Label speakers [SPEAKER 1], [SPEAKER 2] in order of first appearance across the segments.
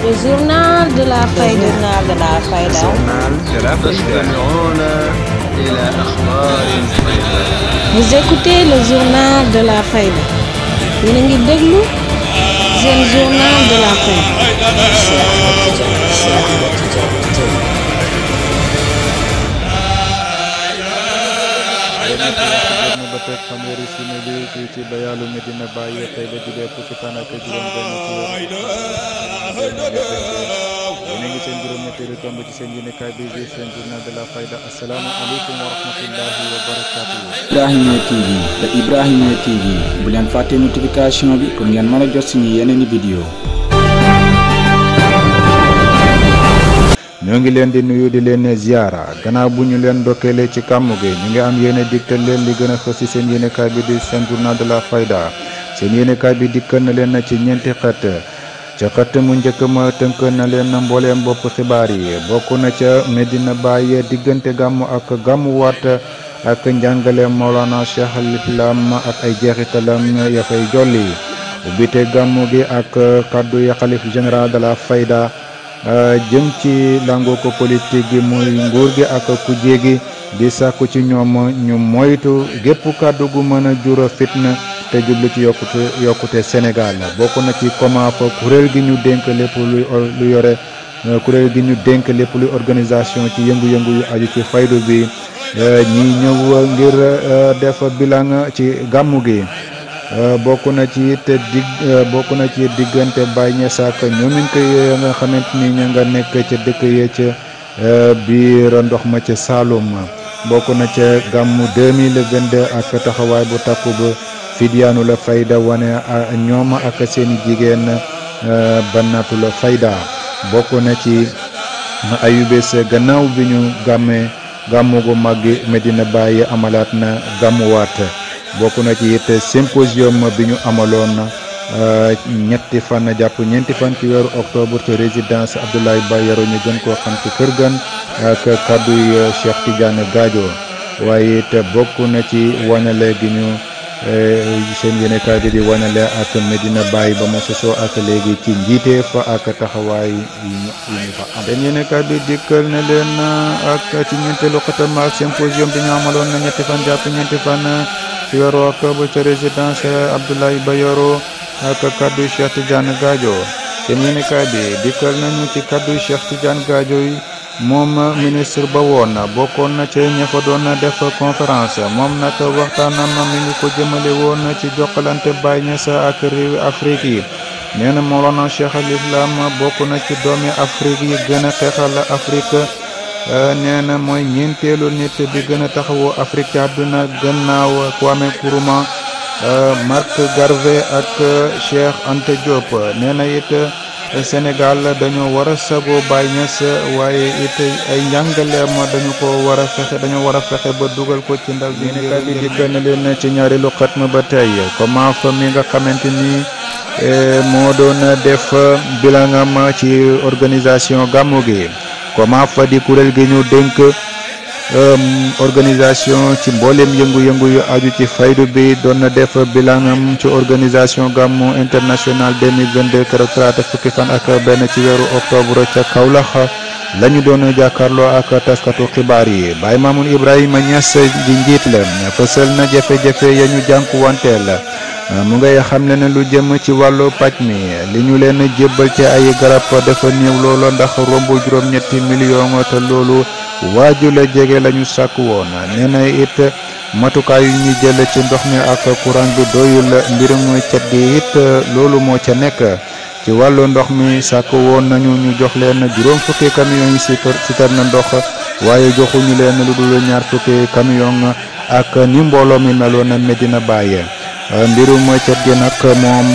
[SPEAKER 1] Le journal de la faille, journal de la journal de la Vous écoutez le journal de la Faida. le journal de la fekk fanweeri simili bi fii ci bayaalu Medina Baye tey la a ngi seen juróom-ñetteelu tomb ci seen yéenekaay bi di seen journal de la fayda asalaamaaleykum wa rahmatullahi wa barakaatuhu. Ibrahima TV te Ibrahima TV bu leen fàtte notification bi pour ngeen mën a jot si yeneen i vidéo. ñoo ngi leen di nuyu di leen ne ziara gannaaw bu ñu leen ndokkeele ci kàmm gi ñu ngi am yéene digtal leen li gën a fës ci seen yéenekaay bi di seen journal de la fayda seen yéenekaay bi dikkal na leen ci ñeenti xët ca xët mu njëkk ma tënk na leen mbooleem bopp xibaar yi bokk na ca Medina Baye diggante gàmmu ak gàmmuwaat ak njàngale Mawlana Cheikh al Islam ak ay jeexitalam ya fay jolli ubbite gàmmu gi ak kàddu ya xalif général de Fayda Euh, jëm ci lango ko politique gi muy nguur gi ak kuje gi di sàkku ci ñoom ñu moytu gépp kàddu gu mën a jura fitna te jublu ci yokkute yokkute Sénégal bokk na ci comment kuréel gi ñu dénk lépp lu euh, kuréel gi ñu dénk lépp luy organisation ci yëngu-yëngu yu aju ci faydu bi euh, ñi ñëw ngir def bilan ci gàmmu gi Euh, bokk na ci it dig euh, bokk na ci diggante Baye Niass ak ñoom ñu koy euh, nga xamante ni ñu nga nekk ca dëkk ya ca biir ndox ma ca Saloum bokk na ca gàmmu 2022 ak taxawaay bu takku ba Fidiyaanu la fayda wane ñooma ak seeni jigéen bannaatu la fayda bokk na ci ayubés gannaaw bi ñu gàmmee gàmmu gu mag Medina bàyyi amalaat na gàmmuwaat. bokk na ci it symposium bi ñu amaloon na euh, ñetti fan jàpp ñeenti fan ci weeru octobre te résidence Abdoulaye Bayero ñu gën koo xam ci kër gan ak kàdduy euh, Cheikh Tidiane Gadio waaye it bokk na ci wañale gi ñu Eh, seen yene ka di wonale ak medina bay ba ma soso ak legi ci njite fa ak taxaway ñu fa am den yene ka di dikkel na len ak ci ñent lu xata ma symposium bi ñu amalon na ñetti fan japp ñetti fan ci wero ak bu ci residence abdoulaye bayoro ak kaddu cheikh tidiane gadio den yene ka di dikkel na ñu ci kaddu cheikh tidiane gadio moom ministre ba woon bokkoon na ca ña fa doon def conférence moom nag waxtaanam mi ngi ko jëmale woon ci jokkalante Baay Ñas ak réewi Afrique yi nee na Mawlana Cheikh al Islam bokk na ci doomi Afrique yi gën a xeexal Afrique nee na mooy ñeenteelu nit bi gën a taxawoo Afrique ci àdduna gannaaw Kwame Nkrumah Marc Garvey ak Cheikh Anta Diop nee na it Sénégal dañoo war a sagoo Baye Niass waaye it ay njàngaleem dañu ko war a fexe dañoo war a fexe ba dugal ko ci ndal bi nekk bi dikk na leen ci ñaareelu xatma ba tey comment fa mi nga xamante ni e, moo doon def bilangam ci organisation gàmmu gi comment fa di kuréel gi ñu dénk organisation ci mbooleem yëngu-yëngu yu aju ci faydu bi doon na def bilanam ci organisation gàmmu international 2022 keroog talaata fukki fan ak benn ci weeru octobre ca Kaolack la doon jàkkarloo ak taskatu xibaar yi Baye Mamoun Ibrahima Niass di njiit la fësal na jafe-jafe ya ñu jànkuwanteel Euh, mu ngay xam ne ne lu jëm ci wàllu paj mi li ñu leen jébbal ci ay garab dafa néew loolu ndax romb juróom-ñetti million te loolu waaju la jege lañu sàkk woon nee na it matukaay yu ñu jël ci ndox mi ak courant bi doyul mbirum cet gi it loolu moo ca nekk ci wàllu ndox mi sàkk woon nañu ñu jox leen juróom fukki camion yi citerne ndox waaye joxuñu leen lu dul ñaar fukki camion ak ni mbooloo mi meloon Medina bàyyee mbirum cet gi nag moom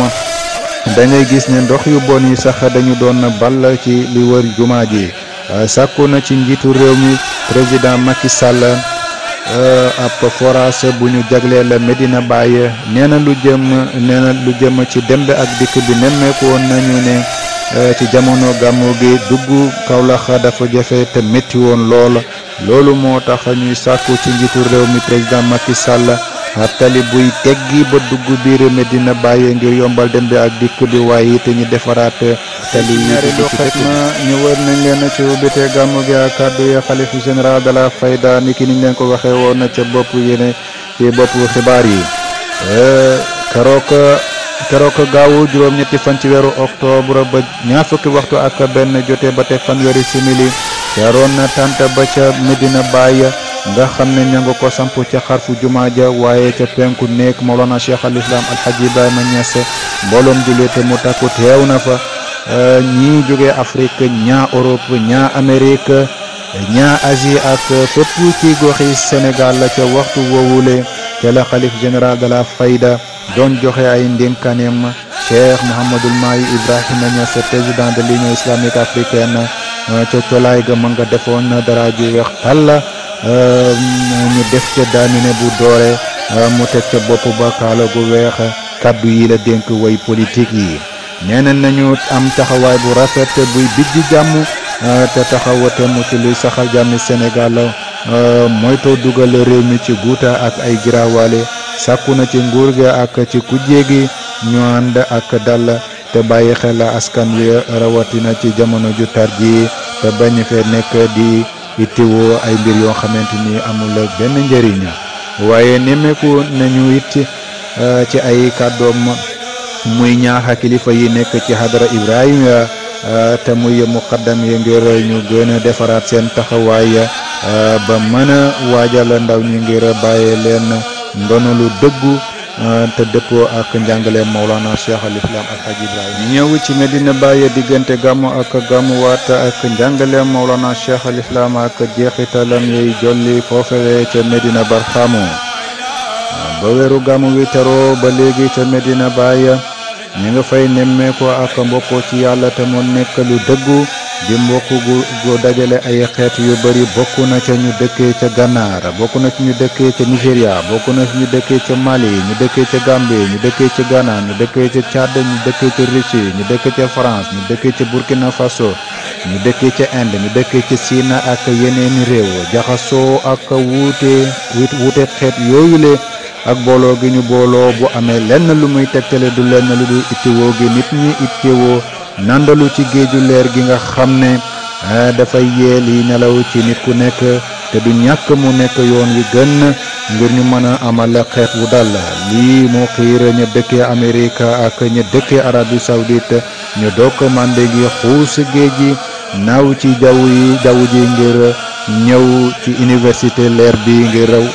[SPEAKER 1] da gis ne ndox yu bon yi sax dañu doon ball ci li wër jumaa ji sàkku na ci njiitu réew mi président Macky Sall eh, ab forage bu ñu jagleel Medina Baye nee na lu jëm nee lu jëm ci dem ak dikk bi nemmeeku woon nañu ne eh, ci jamono gàmmu gi dugg Kaolack dafa jafe te métti woon lool loolu moo tax ñuy sàkku ci njiitu réew mi président Macky Sall. ab tali buy teggi ba dugg biir Medina Baye ngir yombal dem bi ak dikk bi waaye it ñu defaraat tali yi ñaari doxat na ñu nañ leen ci ubbite gàmmu gi ak kàddu yi xalifu général de la fayda ni ki niñ leen ko waxee woon na ca bopp yéene ci bopp xibaar yi euh, keroog keroog gaawu juróom-ñetti fan ci weeru octobre ba ñaar fukki waxtu ak benn jotee ba te fanweeri simili ca roon tànt ba ca Medina Baye nga xam ne ña nga ko samp ca xarfu jumaa ja waaye ca penku néeg Mawlana Cheikh al Islam Alhaji Ibrahima Niass mbooloom jullite mu takku teew na fa ñii jógee Afrique ñaa Europe ñaa Amérique ñaa Asie ak fépp ci goxi Sénégal ca waxtu woowule ca la xalif général de Fayda doon joxe ay ndénkaneem Cheikh Mouhamadul Mahi Ibrahima Niass président de l'Union islamique africaine ca colaay ga ma nga defoon dara ju weex tàll Euh, ñu def ca daamine bu doore euh, mu teg ca bopp ba kaala gu weex kàddu yi la dénk woy politique yi nee nañu am taxawaay bu rafet buy bijji jàmm euh, te taxawate mu ci luy saxal jàmmi Sénégal moytoo dugal réew mi ci guuta ak ay giraawaale sàkku na ci nguur gi ak ci kujje gi ñu ànd ak dàll te bàyyi xel askan wi rawatina ci jamono ju tar ji ba bañ fee nekk di ittewoo ay mbir yoo xamante ni amul benn njëriñ waaye nemmeeku nañu it eh, ci ay kàddoom muy ñaaxa kilifa yi nekk ci hadara Ibrahima eh, te muy muqaddam yi ngir ñu gën defaraat seen taxawaay eh, ba mën a waajal ndaw ñu ngir bàyyi leen ndono lu dëggu. Euh, te dëppoo ak njàngaleem Mawlana Cheikh al Islam Al ñëw ci Medina Baye diggante gàmmu ak gàmmuwaat ak njàngaleem Mawlana Cheikh al Islam ak jeexitalam jolli foofale ca Medina Barxamu ba weeru gàmmu teroo ba léegi ca Medina Baye ñu nga fay nemmeekoo ak mbokkoo ci yàlla te mu nekk lu dëggu. di mboku gu dajale ay xeet yu bari bokk na ca ñu dëkkee ca Gànnaar bokk na ci ñu dëkkee ca nigeria bokk na ci ñu dëkkee ca Mali ñu dëkkee ca Gambie ñu dëkkee ca Ghana ñu dëkkee ca Tchad ñu dëkkee ca Russie ñu dëkkee ca France ñu dëkkee ca Burkina Faso ñu dëkkee ca Inde ñu dëkkee ca Sina ak yeneeni réew jaxasoo ak wuute wuute xeet yooyule ak booloo gi ñu booloo bu amee lenn lu muy tegtale du lenn lu du ittewoo gi nit ñi ittewoo nandalu ci géeju leer gi nga xam ne dafa yee liy nelaw ci nit ku nekk te du ñàkk mu nekk yoon wi gën ngir ñu mën a amal xeet wu dal lii moo xiir ña dëkkee Amérique ak ña dëkkee Arabie Saoudite ñu dokk mànde gi xuus géej gi naaw ci jaww yi jaww ji ngir ñëw ci université leer bi ngir raw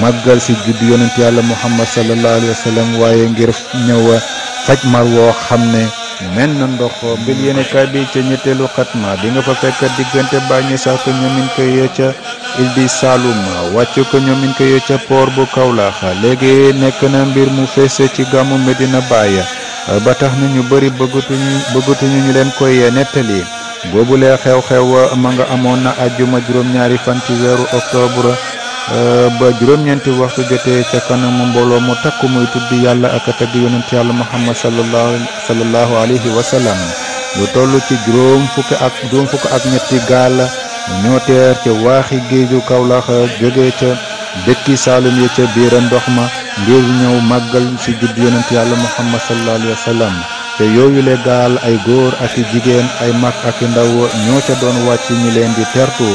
[SPEAKER 1] màggal si judd yonent yàlla Muhammad sallallahu alayhi wa waaye ngir ñëw faj mar woo xam ne mel na ndox mbir yéene bi ca ñetteelu xatma bi nga fa fekk diggante bàññi sax ko ñoomin ko yee ca il di Saloum wàcc ko ñoomin ko yee ca poor bu Kaolack léegi nekk na mbir mu feese ci gàmmu Medina Baye ba tax na ñu bëri bëggatuñu bëggatuñu ñu leen koy nettali boobule xew-xew wa ma nga amoon na àjjuma juróom-ñaari fan ci weeru Euh, ba juróom-ñeenti waxtu jotee ca kanamu mbooloo mu takku muy tudd yàlla ak a tagg yonent yàlla muhammad sallallahu sallallahu alayhi wa sallam lu toll ci juróom fukk ak juróom fukk ak ñetti gaal ñoo teer ca waaxi géeju Kawlax jóge ca dëkki Saalum yi ca biir ndox ma ngir ñëw màggal ci judd yonent yàlla muhammad sallallahu alayhi wa sallam te yooyu le gaal ay góor ak i jigéen ay mag ak i ndaw ñoo ca doon wàcc ñi leen di tertu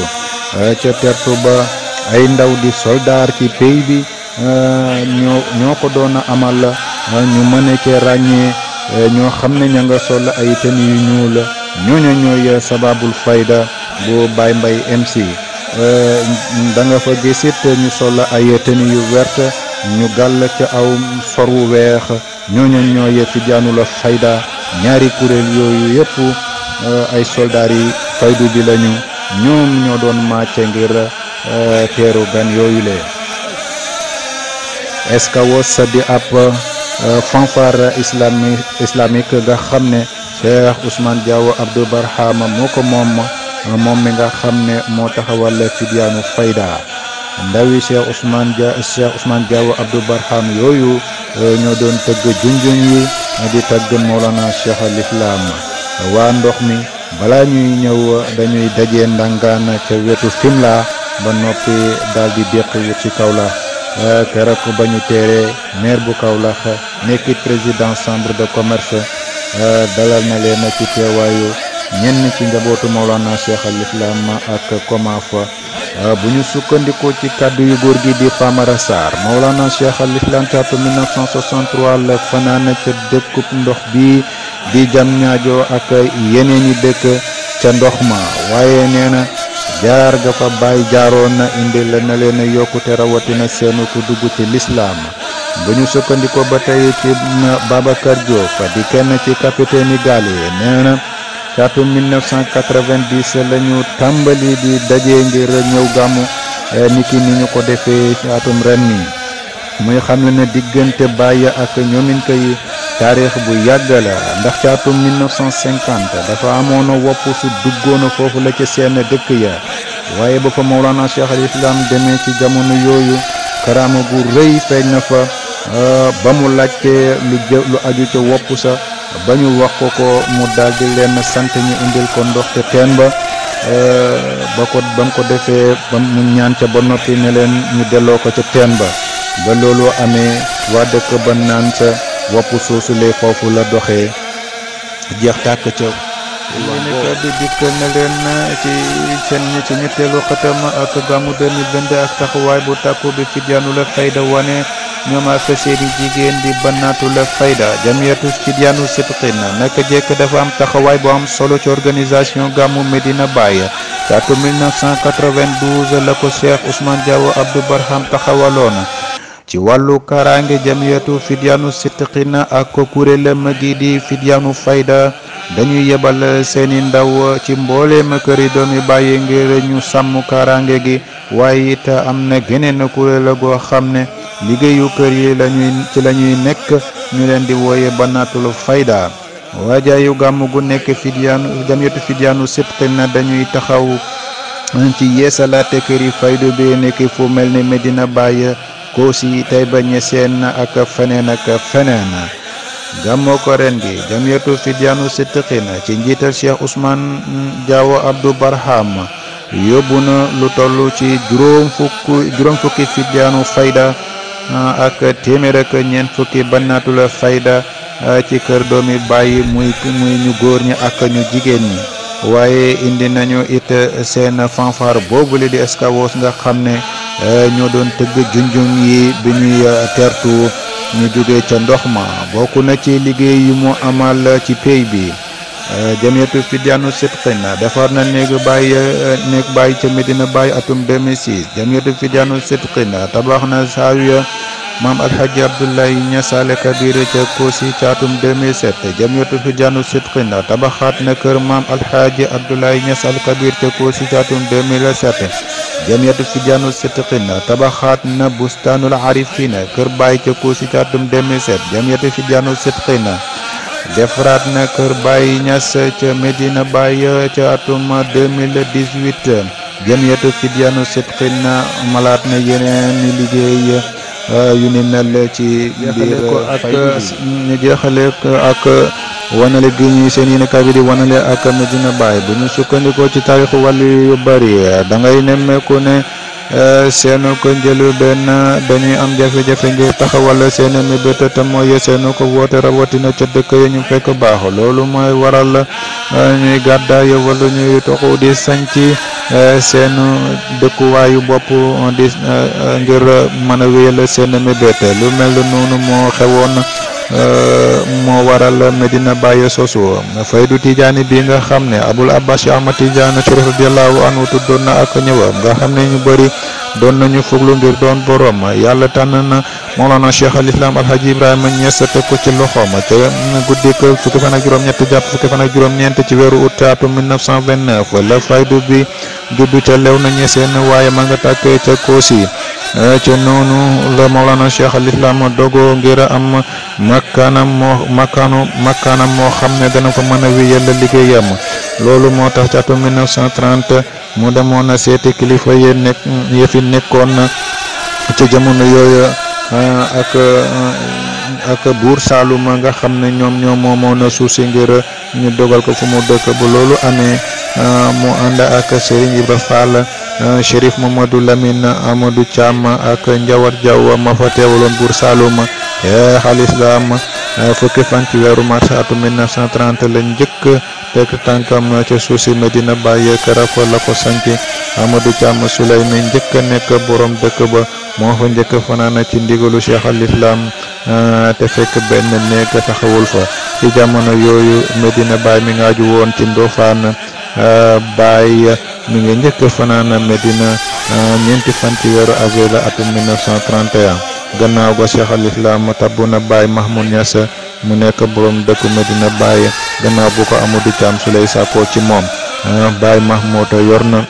[SPEAKER 1] ca tertu ba ay ndaw di soldaar ci pays bi euh, ñoo ñoo ko doon amal euh, ñu mën a cee ràññee euh, ñoo xam ne ña nga sol ay ten yu ñuul ñooñu ñooy sababul fayda bu Baye mbay MC da nga fa gisit ñu sol ay ten yu wert ñu gàll ca aw for wu weex ñooñu ñooy tijaanul fayda ñaari kuréel yooyu yëpp ay soldaar yi faydu bi lañu ñoom ñoo doon màcce ngir. teeru gan yooyu le est-ce que wos di ab euh, fanfare islami nga xam ne Cheikh Ousmane Diaw Abdou Barhama moo ko moom moom mi nga xam ne moo taxawal fidyaanu fayda ndawi Cheikh Ousmane Dia Cheikh Ousmane yooyu euh, ñoo doon tëgg junjun yi di tëgg Mawlana Cheikh al Islam waa ndox mi bala ñuy ñëw dañuy dajee ndangaan ca wetu Fimela ba noppi daal di déq wut ci Kaolack eh, keroog ba ñu teeree maire bu Kaolack nekkit président cendre de commerce eh, dalal na leen ci teewaayu ñenn ci njabootu Mawlana Cheikh al Islam ak Komafa eh, bu ñu sukkandikoo ci kàddu yu góor gi di Famara Sarr Mawlana Cheikh al Islam ci atum 1963 la fanaana ca dëkkub ndox bi di jam ñaajo ak yeneen i dëkk ca ndox ma waaye nee jaar ga fa baay jaaroon na indi la na leen yokkute rawatina seenu ku dugg ci lislaam bu ñu sukkandikoo ba tey ci Babacar Diop fa di kenn ci kapiteeni gaal yi nee na caatum 1990 la ñu tàmbali di daje ngir ñëw gàmmu e, niki ni ñu ko defee caatum ren nii muy xam ne diggante Baye ak ñoomin yi taarix bu yàgg la ndax ca atum 1950 dafa amoon na wopp su duggoona foofu la ca seen dëkk ya waaye ba fa Mawlana Cheikh al Islam demee ci jamono yooyu karaama gu rëy feeñ na fa ah, ba mu laajte lu aju ca wopp sa ba ñu wax ko ko mu daldi leen sant ñi indil ko ndox te teen ba ah, ba ko ba mu ko defee ba mu ñaan ca ba noppi ne leen ñu delloo ko ca teen ba ba loolu amee waa dëkk ba naan sa wopp soosule foofu la doxee jeex tàkk ca yéen kàddu dikkal na leen ci seen ñi ci ñetteelu xatam ak gàmmu 2022 ak taxawaay bu tàkku bi ci jaanu la fayda wane ñoom affaire yi jigéen di bannaatu la fayda jamiyatu Fidiane Sidqin naka jekk dafa am taxawaay bu am solo ci organisation gàmmu Medina Baye ci atum 1992 la ko Cheikh Ousmane Diaw Abdou Barham taxawaloon ci wàllu kaaraange jamiyatu fidyaanu sidqina ak ma gi di fidyaanu fayda dañuy yebal seeni ndaw ci mbooleem këri doomi bàyyi ngir ñu sàmm kaaraange gi waaye it am na geneen kuréel goo xam ne liggéeyu kër yi lañuy ci lañuy nekk ñu leen di wooye banaatul fayda waajaayu gàmm gu nekk fidyaanu jamiyatu fidyaanu sidqina dañuy taxaw ci yeesalaate yi faydu bi nekk fu mel ni Medina Baye Koosi Tayba Ñaseen ak feneen ak feneen gàmmoo ko ren gi jamiyatu fidyaanu siddiqina ci njiital cheikh ousmane diawo abdou barham yo na lu toll ci juróom fukk juróom fukki fidyaanu fayda ak téeméer ak ñeent fukki bannaatul fayda ci kër doomi bàyyi muy muy ñu ñi ak ñu ñi waaye indi nañu it eh, seen boobu li di escavos nga xam ne eh, ñoo doon tëgg junjung yi bi ñuy eh, tertu ñu jóge ca ndox ma bokk na ci liggéey yu mu amal ci pey bi jamiyatu fidyaanu sidqin defar na néeg bàyyi néeg bàyyi ca Medina Baye atum 2006 jamiyatu fidyaanu sidqin tabax na saawiya maam alxaaji abdullahi ñasaale kabire ca Kossy caatum 2007 jamiyatu fijaanu sidqina tabaxaat na kër maam alxaaji abdullahi ñasaal kabir ca Kossy caatum 2007 jamiyatu fijaanu sidqina tabaxaat na bustaanul arifina kër baay ca Kossy caatum 2007 jamiyatu fijaanu sidqina defaraat na kër baay ñas ca Medina Baye ca atum 2018 jamiyatu fijaanu sidqina malaat na yeneen liggéey Euh, yu ni mel ci biir euh, fay euh, ñu jeexale ko ak wanale gi ñuy seen yéen kaay bi di wanale ak Medina bàyyi bu ñu sukkandikoo ci taarixu wàll yu bëri dangay ngay nemmeeku ne Eh, seenu ko njëlu benn dañuy am jafe-jafe ngir taxawal seenu mébét te mooy seenu ko woote rawatina ca dëkk ya ñu fekk baax loolu mooy waral eh, ñuy gàddaay wala ñuy toxu di sañci eh, seen dëkkuwaayu bopp di ngir mën a wéyal seen mébét lu mel noonu moo xewoon. moo waral Medina Baye soosu faydu tijaani bi nga xam ne abul abbas ahmad tijaani ci radiyallahu anhu tuddoon na ak ñëwam nga xam ne ñu bëri doon nañu fuglu ngir doon borom yàlla tànn na Mawlana Cheikh al Islam Alhaji Ibrahima Niass teg ko ci loxoom ca guddik fukki fan ak juróom-ñett jàpp fukki fan ak juróom-ñeent ci weeru août atum 1929 la faydu bi juddu ca lew na ñeseen waaye ma nga tàkkee ca Koosi ca noonu la Mawlana Cheikh al Islam dogo ngir am makkaanam moo makkaanu makkaanam moo xam ne dana ko mën a wéyal liggéeyam loolu moo tax ci atum mu demoon na seeti kilifa ya nekk ya fi nekkoon ci jamono yooyu eh, ak eh, ak buur saalum nga xam ne ñoom ñoo moomoon na suuf si ngir ñu dogal ko fu mu dëkk bu loolu amee eh, mu ànd ak Serigne Ibra Fall Chérif Mamadou Lamine Amadou Thiam ak Njawar Jaw ma fa fukki fan ci weeru mars atum 1930 lañ njëkk teg tànkam ci suuf Medina Baye Karako la ko sanc Amadou Thiam Souleymi njëkk nekk borom dëkk ba moo fa njëkk fanaana ci ndigalu Cheikh al Islam ah, te fekk benn néeg taxawul fa ci jamono yooyu Medina Baye mi nga aju woon ci Ndofane ah, Baye mi ngi njëkk fanaana Medina ñeenti fan ci weeru avril atum 1931 gannaaw ga cheikh al islam tabbu na Baye Mahmoud mu nekk borom dëkku Medina Baye gannaaw bu ko Amadou Thiam Souleye sàkkoo ci moom ah, Baye Mahmoud yor na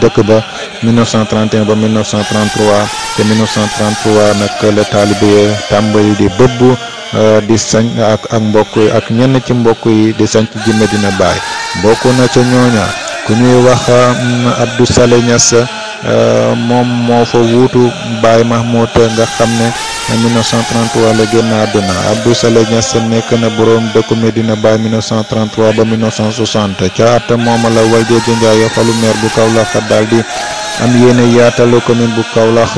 [SPEAKER 1] dëkk ba 1931 ba 1933 te 1933 nag la taalibe tàmbali di bëbb ah, di sañ ak mbokk yi ak ñenn ci mbokk yi di sañ ji Medina Baye bokk na ca ñooña ku ñuy wax mm, Abdou Salé Niass euh, moom moo fa wuutu Baye Mahmoud nga xam ne 1933 la génn àdduna Abdou Salé Niass nekk na borom dëkku Medina Baye 1933 ba 1960 ca at moom la Valdiodio Ndiaye xolu maire bu Kaolack daal di. am yéene yaatale commune bu Kaolack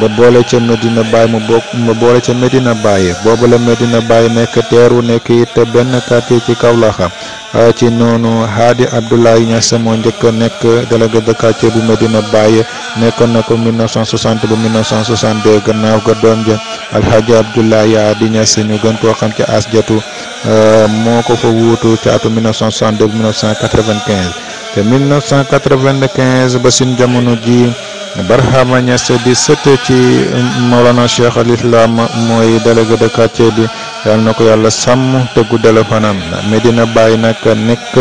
[SPEAKER 1] ba boole ca Medina Baye mu bokk ba boole ca Medina Baye boobu la Medina Baye nekk teeru nekk it benn quartier ci Kaolack ci noonu Hadi Abdoulaye Niass moo njëkk nekk délégué de quartier bu Medina Baye nekkoon na ko 1960 ba 1962 gannaaw ga doom ja Alhaji Abdoulaye Hadi Niass ñu gën koo xam ci Asjatu moo ko fa wuutu ci atum 1962 1995. te 1995 ba suñ jamono ji Barhama Niass di sët ci Mawlana Cheikh al mooy délégué de quartier bi yàlla na ko yàlla sàmm te guddale fanam Medina Baye nag nekk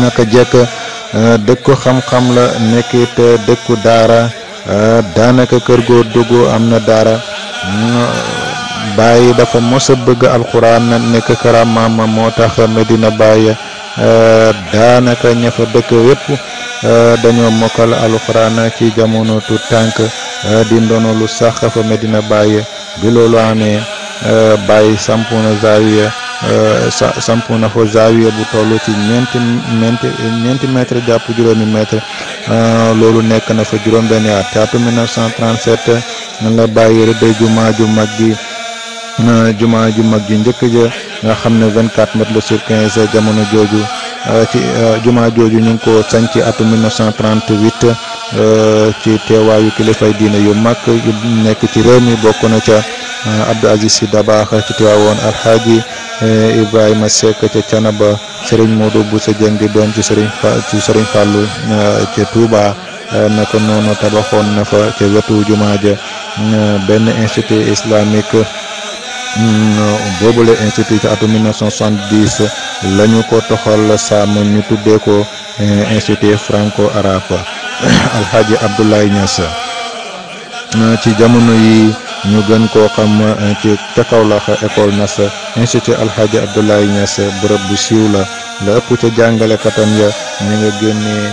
[SPEAKER 1] naka jekk euh, dëkku xam-xam la nekkit dëkku daara euh, daanaka kër goo dugg am na daara mm, Baye dafa mos a bëgg alxuraan nekk karaamaam moo tax Medina Baye. Euh, daanaka ña fa dëkk wépp euh, dañoo mokkal alxuraan ci jamono tu tànk euh, di ndono lu sax fa Medina Baye bi loolu amee Baye sampu na zaawiya sa sampu na fa zaawiya bu toll ci ñeenti ñeenti jàpp juróomi mètre loolu nekk na fa juróom-benn at ci atum 1937 nan la Baye rëdd jumaa ju mag ji ju mag ji njëkk ja. nga xam ne 24 mètres la sur 15 jamono jooju euh, ci euh, jumaa jooju ñu ngi ko sañ ci atum 1938 euh, ci teewaayu kilifay diine yu mag yu nekk ci réew mi bokk na ca Abdou Aziz Sy Dabakh ci teewaawoon Alxaaji Ibrahima Seck ca Canaba Serigne Modou Bousso Dieng di doom ci Serigne ci Serigne Fallou ca Touba naka noonu tabaxoon na fa ca wetu jumaa ja benn institut islamique Euh, boobule institut ci atum 1970 la ko toxal sàmm ñu tuddee ko euh, institut franco arabe alhaji Abdoulaye Niass euh, ci jamono yi ñu gën koo xam ci ca Kaolack école Niass institut alhaji Abdoulaye Niass bërëb bu siiw la la ëpp ca jàngalekatam ya ñu nga génnee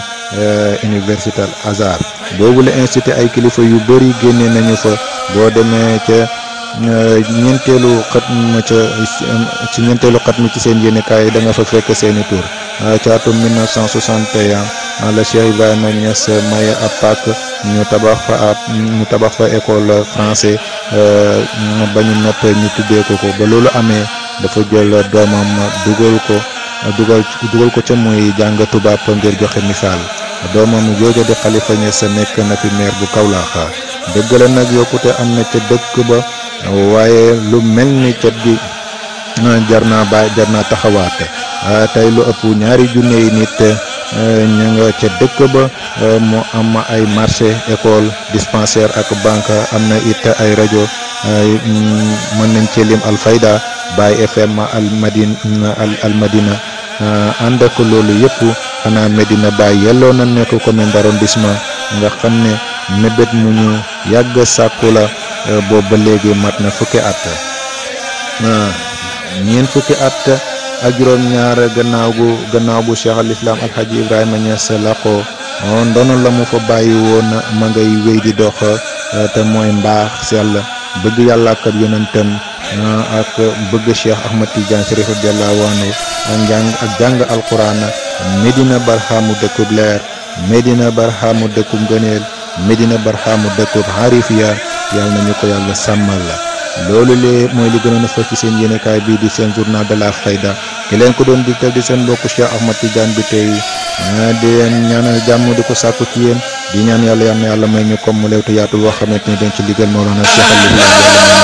[SPEAKER 1] université al azhar boobule institut ay kilifa yu bëri génne nañu fa boo demee ca ñeenteelu xat ma ca ci ñeenteelu xat mi ci seen yéenekaay da nga fa fekk seeni tur ah, ca atum 1961 ah, la Cheikh Ibrahima Niass maye ab pàkk ñu tabax fa ab ñu tabax fa école français euh, ba ñu nopp ñu tuddee ko ko ba loolu amee dafa jël doomam dugal ko dugal dugal ko ca muy jàng tubaab ngir joxe misaal doomam jooja di Khalifa Niass nekk na fi maire bu Kaolack dëgg nag yokkute am na ca dëkk ba waaye lu mel ni cat gi ah, jar naa bàyyi jar na taxawaate ah, tey lu ëpp ñaari junne yi nit eh, ñu nga ca dëkk ba eh, mu am ay marché école dispensaire ak banque am na it ay rajo mm, mën nañ ci lim Alfayda Baye FM Almadina Almadina ah, ànd loolu yëpp xanaa Medina Baye yelloo na nekk commune d'arrondissement nga xam ne. mébét mu ñu yàgg sàkku la euh, boobu ba léegi mat na fukki at ah, ñeen fukki at ak juróom-ñaar gannaaw bu gannaaw gu cheikh al islam alxaji ibrahima ñas ah, ndono la mu fa bàyyi woon ma ngay wéy di dox euh, te mooy mbaax sell bëgg yàlla ak ah, ak bëgg cheikh ahmad tidiane sharif radiallahu anhu njàng ak jàng alquran medina barhamu dëkkub leer medina barhamu dëkkub ngëneel Medina Barhaamu dëkkub Harifiya yàlla nañu ko yàlla sàmmal la loolu lee mooy li gënoon a fës ci seen yéenekaay bii di seen journal de la fayda ki leen ko doon digtal di seen mbokku Cheikh Ahmad Tidiane bi tey ah, di leen ñaanal jàmm di ko sàkku ci yéen di ñaan yàlla yal yàlla may ñu comme mu leewtu yaatu boo xamante ni dañ ci liggéeyal Mawlana Cheikh Aliou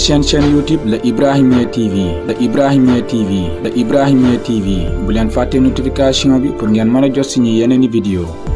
[SPEAKER 1] seen chaîne YouTube la Ibrahimiya TV la Ibrahimiya TV la Ibrahimiya TV bu leen fàtte notification bi pour ngeen mën a jot suñu yeneen i vidéo